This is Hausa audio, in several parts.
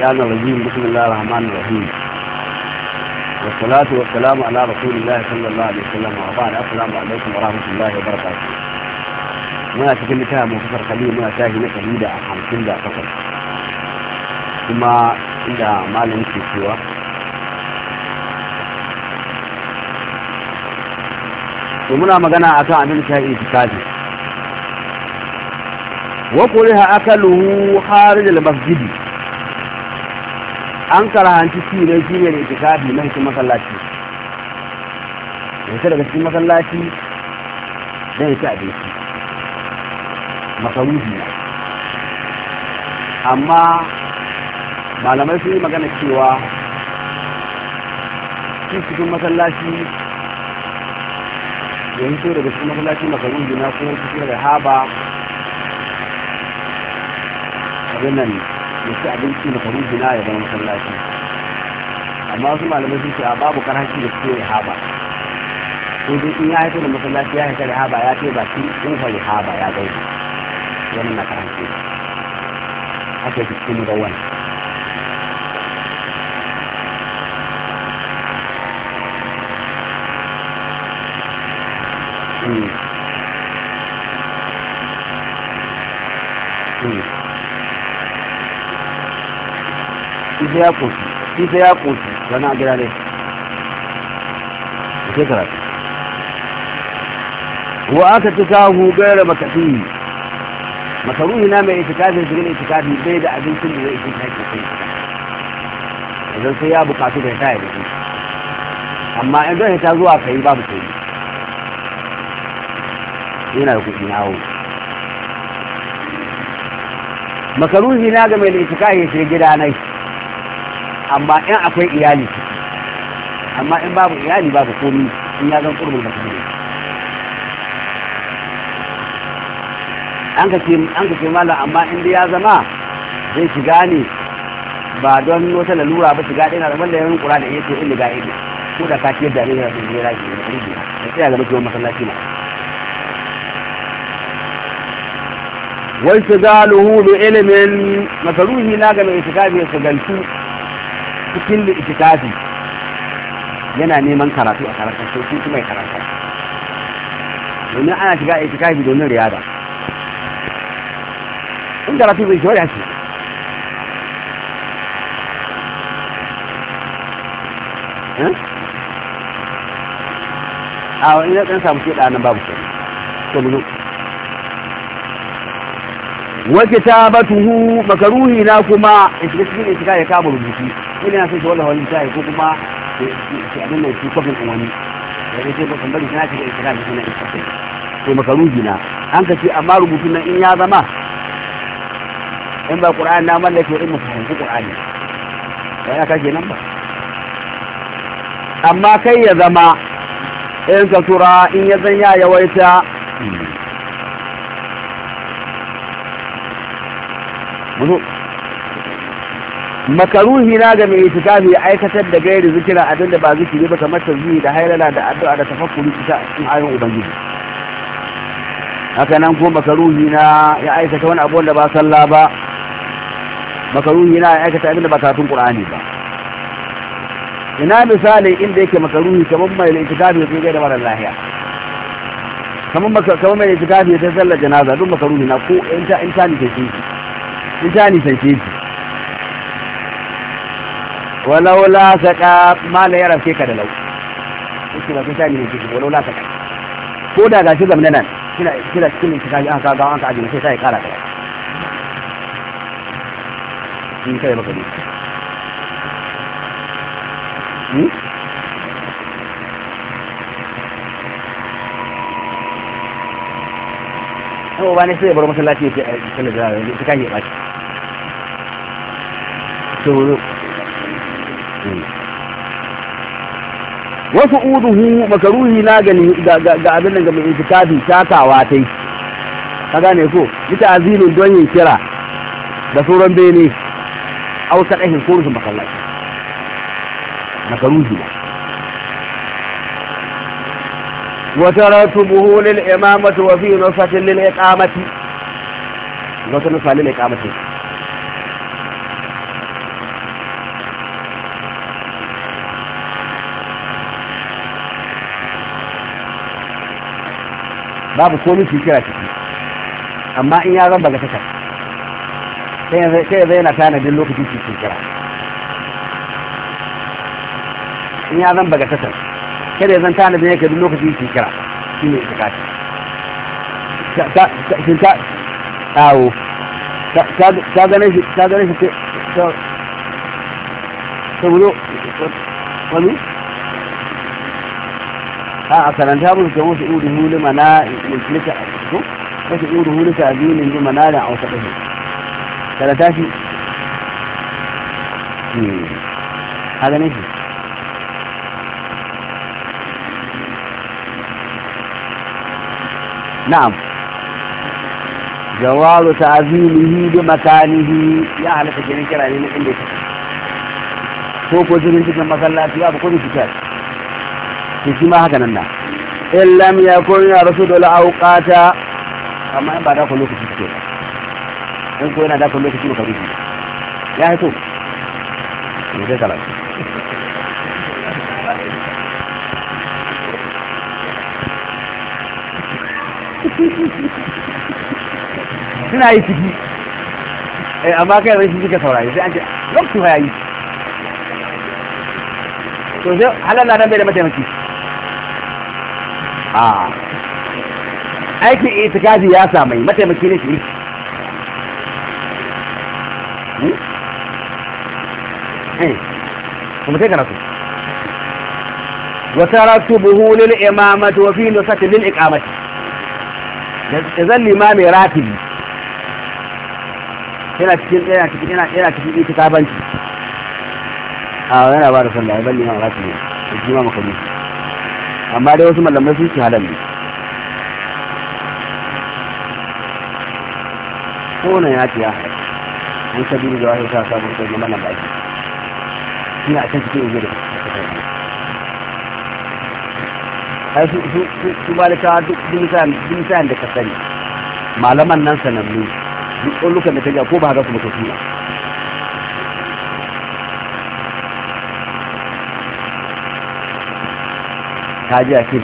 الشيطان الرجيم بسم الله الرحمن الرحيم والصلاة والسلام على رسول الله صلى الله عليه وسلم وعلى السلام عليكم ورحمة الله وبركاته ما تكلمتها مفسر قليل ما تاهي لك هيدا عن كل قصر ثم إلا ما لم يكن سوى ومنا ما قنا أتا عملك هاي إتكاذي وقلها أكله خارج المسجدي an karahanci shi ne shi ne da itikafi na cikin masallaci yanzu daga cikin masallaci zai ci abinci masarufi na amma malamai sun yi magana cewa ci cikin masallaci yanzu daga cikin masallaci masarufi na kuma cikin rahaba abin nan ya abinci da faru zina ya zama masallaci amma wasu malamai sun ce a babu karhaci da suke ya rihaba ko dai in ya haifar da masallaci ya haifar rihaba ya ce ba shi in fa rihaba ya gaida wannan na karhaci haka yake cikin da wani Mm-hmm. shi sai ya koshi shi sai ya koshi wani a gida ne a ke karatu wa aka ci kahu gaira makafi makaruhi na mai itikafin shirin itikafi bai da abincin da zai ikin kashi sai idan sai ya bukatu da ya taya da shi amma in zai ta zuwa kai babu sai yana da kuɗi na hau makaruhi na ga mai itikafi sai gida nai amma in akwai iyali amma in babu iyali babu komi in ya zan kurbin da kuma an ka ce mala amma in da ya zama zai shiga ne ba don wata lalura ba shiga ɗaya na zaman da yawon kura da iya ce inda ga ido ko da ka yadda ne da zai rage da ƙarfi da tsaya gaba kiwon masallaci na wai shigaluhu da ilimin masaruhi na ga mai shiga bai gantu cikin littafi yana neman karatu a karanta so shi kuma ya karanta domin ana shiga itikafi domin riyada in karatu bai shiwa ya ce eh? a wani na ɗan samu kiɗa nan babu shi to mu wa kitabatuhu makaruhi na kuma itikafi ne shiga ya kama rubutu ina yana son shi wallafa wani shayi ko kuma shi abin nan shi kofin ɗin wani da ya ce bari suna shiga ikira da suna ikira sai makaruhi na an ka ce amma rubutun nan in ya zama in ba ƙur'ani na mallake in mafahimci ƙur'ani ba ya kake nan ba amma kai ya zama in ka tura in ya zan yawaita makaruhi na ga mai itikafi ya aikatar da gairi zikira da ba zikiri ba kamar tasbihi da hailala da addu'a da tafakkuri kusa a cikin ayoyin ubangiji haka nan ko makaruhi na ya aikata wani abu wanda ba sallah ba makaruhi na ya aikata abinda ba karatun qur'ani ba ina misalin inda yake makaruhi kamar mai itikafi ya gaida mara lahiya kamar kamar mai itikafi ta sallar janaza duk makaruhi na ko in ta in ta ni sai shi in ta ni sai shi walaula saka mala ya rafke ka da lau shi ba kun sani ne kike walaula saka ko da ga shi zamanin nan kina kina cikin kika an aka ga aka ka ajin sai sai kara kai in kai baka ni ko ba ne sai bar masallaci ya ce a cikin da ya ta kai ya ba to wasu uduhu makaruhi na gani ga abin da mai itikafi takawa ta yi ka gane ko ita azinin don yin kira da sauran bene au ta ɗahin ko rufin makallaci makaruhi ba وترتبه للإمامة وفي نصة للإقامة نصة للإقامة babu komi su kira ciki amma in ya zan baga kai sai zai yana tanadin lokacin su kira in ya zan baga kai kada ya zan tanadin yake duk lokacin su kira shi ne ita kashi shi ta awo ta gane shi ta gane shi ta a karanta musu ta wasu uru hulu mana musulika a su wasu uru hulu ta biyu ne ji da a ɗaya karanta shi hmm. a gane shi na'am jawaru ta'zimihi bi makanihi ya halaka kenan kira na inda ko ko jirin cikin masallaci ya ba to shi ma haka nan na in ya kun ya rasu la auqata amma in ba dakon lokaci kike ba in ko yana dakon ku lokaci ba karuki ya haito ne zai kala suna yi ciki eh amma kai rashin kika saurari sai an ce lokacin ya yi to sai na dan bai da mataimaki a aikin itikafi ya samai mataimaki ne shi hmm? kuma sai karatu wa taratubuhu lil imamati wa fi nusati lil iqamati idan limami ratibi yana cikin yana cikin yana yana cikin itikafanci a ah, yana ba da sallah ban limami ratibi shi ma makamu amma dai wasu malamai sun ce halal ne ko ya ce ya halal an sabi da wani sa samu kai mana ba shi ina kan cikin gida ai su su su malika duk dinsan dinsan da ka sani malaman nan sanannu duk lokacin da ka ga ko ba haka su mutu suna kaji a kin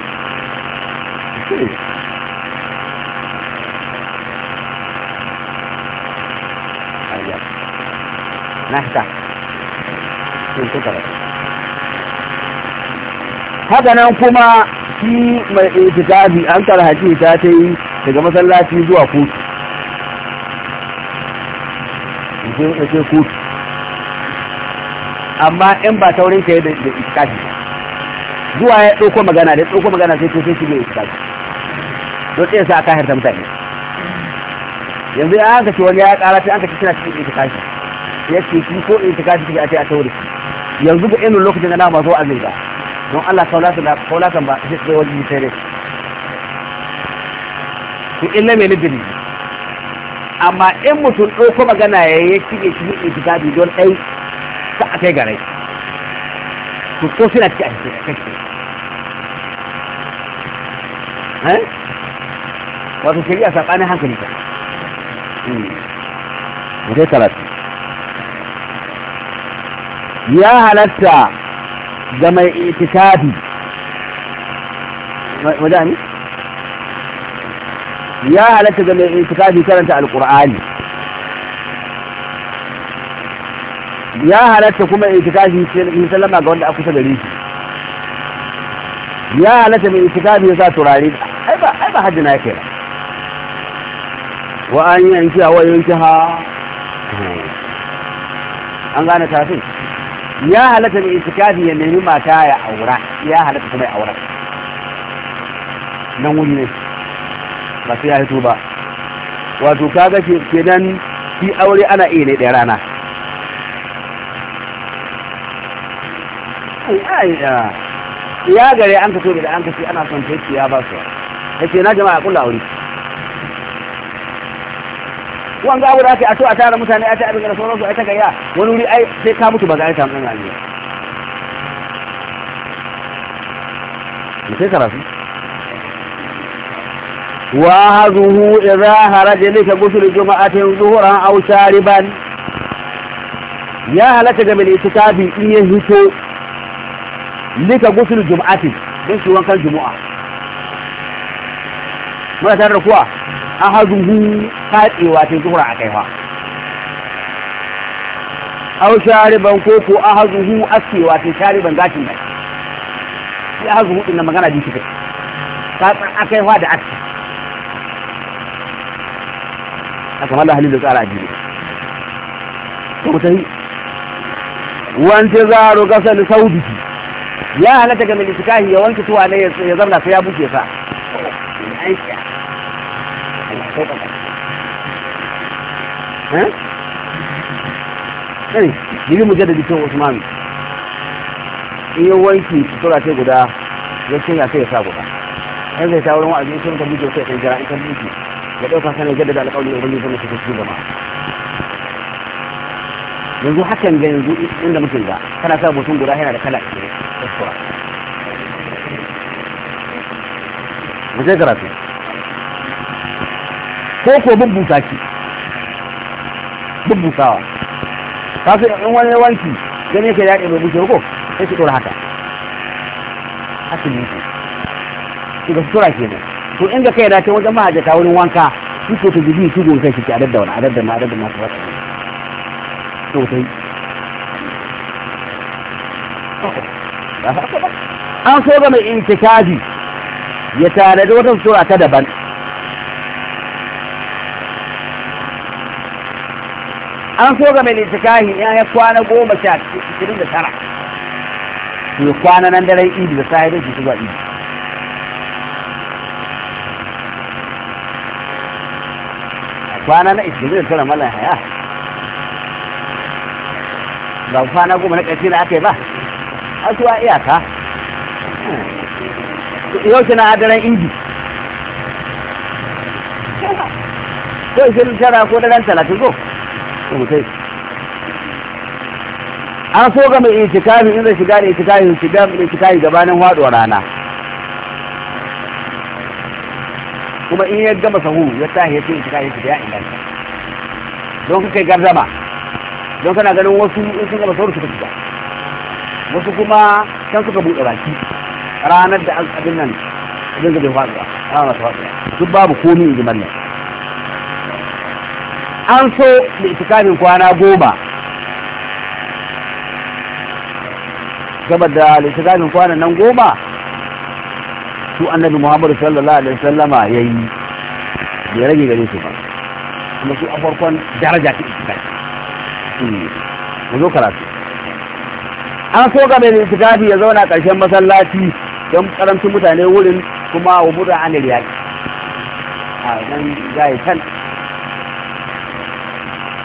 na sun suka rasu haka nan kuma shi mai itikafi an karhaci ta ta yi daga masallaci zuwa kotu sai kotu amma in ba taurin ka yi da itikafi zuwa ya ɗauko magana da ya ɗauko magana sai to sai ne iska don tsaye sa a hirta mutane yanzu an ka ce wani ya ƙara ta an ka ce suna cikin itikafi ya ce ki ko itikafi kike a ce a tauri yanzu ga inu lokacin da na mazo azai ba don Allah kaulatan da kaulatan ba shi tsaye wajen sai dai to illa mai lidiri amma in mutum ɗauko magana ya yi kike cikin itikafi don ɗai ka a kai garai to ko suna cikin a cikin wato shari'a saɓanin hankali ta zai hmm. karatu ya halatta ga mai itikafi wadani ya halatta ga mai itikafi karanta Alƙur'ani ya halatta kuma itikafi sallama ga wanda a kusa gare shi ya halatta mai itikafi ya sa turare ba hajji na yake wa an yanki a wayoyin ha an gane tafin ya halatta mai itikafi ya nemi mata ya aura ya halatta kuma ya aura nan wuri ne ba sai ya hito ba wato kaga kenan shi aure ana iya ne ɗaya rana ya gare an ka so da an ka ce ana son taikiya ba su yace na jama'a kula aure wanga abu da ake a so a tara mutane a ta abin da sauransu a ta gayya wani wuri ai sai ka mutu ba ga ai samu ɗan aliyu sai karatu wa hazuhu idza haraja lika gusul juma'atin zuhuran aw shariban ya halaka ga mai itikafi in ya hito lika gusul juma'atin dan shi wankan Juma'a. muna tare da kuwa an hazuhu fadewa ta zuhura a kaiwa au shariban koko an hu askewa ta shariban gashin mai sai an hu ɗin na magana biyu suka katsan a kaiwa da aski a kamar da halin da tsara biyu ta mutahi wancan zaro gasar saudi ya halatta ga milisikahi ya wanke tuwa ne ya zamna sai ya buke sa aisha Allah ko baka ha kai dili mujaddadi kan Usman in ya wanki sutura ta guda ya shirya sai ya sa guda yan zai ta wurin wa'azi sun kan bijo sai kan jira in kan biki ya dauka sanar jaddada alƙawarin ubangiji zama su cikin jama'a yanzu hakan ga yanzu inda mutum ga sa mutum guda yana da kala ɗaya ba sai karatu ko ko bubbusa ki bubbusawa ta fi in wani wanki gane ka yaƙi mai bushe ko sai ki tura haka asibin ku ki ga sutura ke nan to inda kai dace wajen mahajjata wurin wanka su ko ta jibi shi gonkai shi ke a daddawa a daddawa a daddawa su wata to an so ga mai intikaji ya tare da wata sura ta daban an so ga mai litikahi ya ya kwana goma sha ishirin da tara to kwana nan daren idi da sahibin shi zuwa idi kwana na ishirin da tara mallan haya ba kwana goma na ƙarfi da aka yi ba a iyaka yau shi na daren inji ko shi tara ko daren talatin ko mutai an so ga mai itikafi inda shiga da itikafi shiga da itikafi gabanin hwaɗo rana kuma in ya gama sahu ya ta ya ce itikafi shiga ya inganta don kai gardama don kana ganin wasu in sun gama sahu suka shiga wasu kuma can suka buɗe baki ranar da an abin nan abin da bai faɗuwa rana ta faɗuwa duk babu komi in ji mallan an so da itikafin kwana goma saboda itikafin kwana nan goma su annabi muhammadu sallallahu alaihi sallama ya yi bai rage gare su ba kuma su a farkon daraja ta itikafin ne zo karatu an so ga mai itikafi ya zauna ƙarshen masallaci don karamcin mutane wurin kuma wa buɗa an riyaki a nan gaya can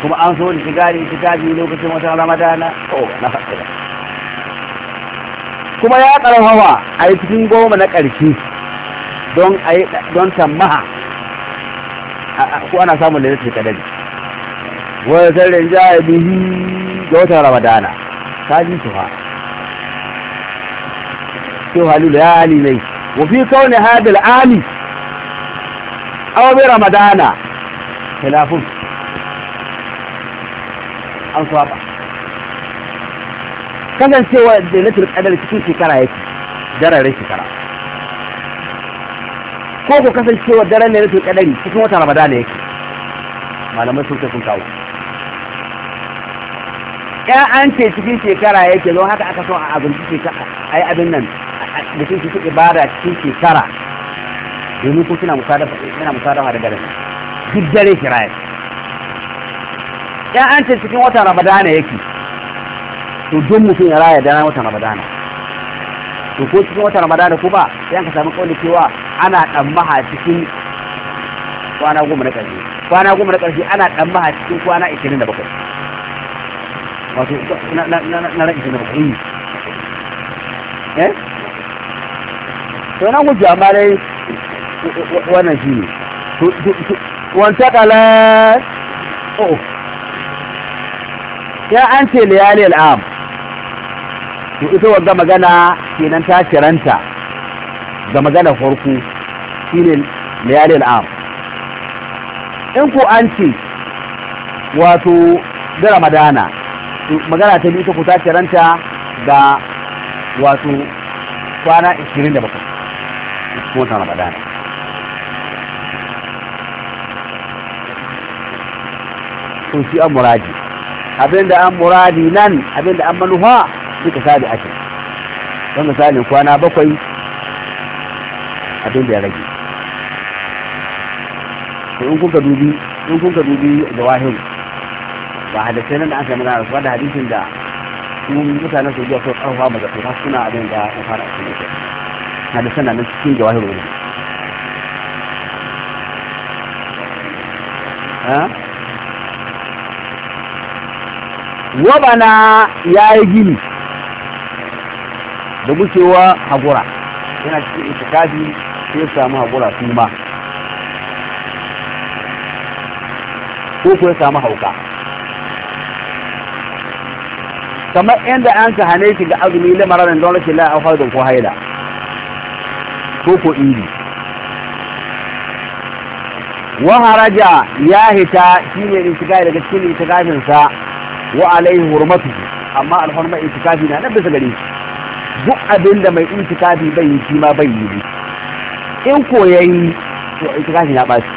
kuma an so da shiga da itikafi lokacin wata ramadana oh na faɗi kuma ya ƙarfafa a yi cikin goma na ƙarshe don a yi don ko ana samun da zai kadari wani sarrin jaya bihi ga watan ramadana ka ji su ha ke halilu ya ali ne wa fi kauni hadal ali aw bi ramadana khilafun an saba kasancewa da latul qadar cikin shekara yake darare shekara ko ko kasancewa daren lailatul qadari cikin wata ramadana yake malamai sun kai sun kawo ya an ce cikin shekara yake don haka aka so a abinci shekara a yi abin nan da cikin shekara ibada cikin shekara domin ko suna musadafa yana musadafa da dare duk dare kiraye ya an ce cikin watan ramadana yake to don mutum ya raya dana watan ramadana to ko cikin watan ramadana ko ba sai ka samu kauli cewa ana dan maha cikin kwana goma na ƙarshe kwana goma na ƙarshe ana dan maha cikin kwana 27 wato na na na na na na eh na nan na amma dai wannan shi ne wanta kala oh ya an ce liyali al'am to ita wanda magana kenan ta kiranta ga magana farko shi ne liyali al'am in ku an ce wato da ramadana magana ta biyu ta kuta ciranta da wato kwana 27 kuma ta ramadana to shi an muradi abinda an muradi nan abinda an manufa suka sabi ake don misalin kwana bakwai abinda ya rage to in kuka dubi in kuka dubi da wahiru ba hadisai nan da an sami na ba da hadisin da sun mutanen su zuwa so karfa ba su ba suna abin da ya fara a cikin hadisan nan cikin jawahiru ne wabana ya yi gini da gucewa hagura yana cikin itikafi sai samu hagura su ma ko kuwa samu hauka kamar yadda an ka hane shi ga azumi na mararin don rashin la'a farzin ko haida ko ko iri wa haraja ya hita shi ne shiga daga cikin itikafinsa wa alaihi hurmatu amma alhurma itikafi na nan bisa gare shi duk abin da mai itikafi bai yi shi ma bai yi in ko yayi to itikafi na ɓaci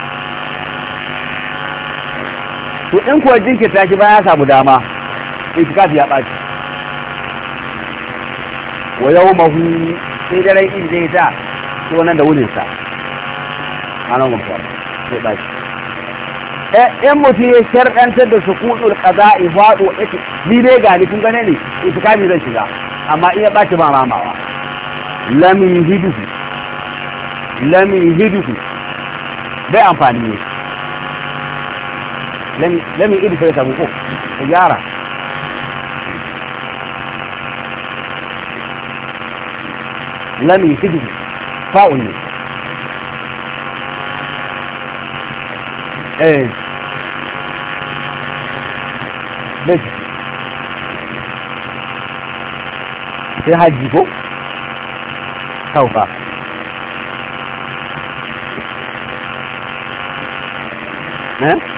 to in kuwa jinkirta shi ba ya samu dama itikafi ya ɓaci wa yau mahu sai daren in zai ta ko nan da wuninsa ranar gumfar sai ba shi eh, in mutum ya sharɗantar da sukutul kaza in faɗo ni dai ga ni kun gane ne ita zan shiga amma in ya ɓaci ba mamawa lamin hiduhu lamin hiduhu bai amfani ne lamin idu sai samu ko gyara lam yufidhu fa'un ne eh bai sai haji ko eh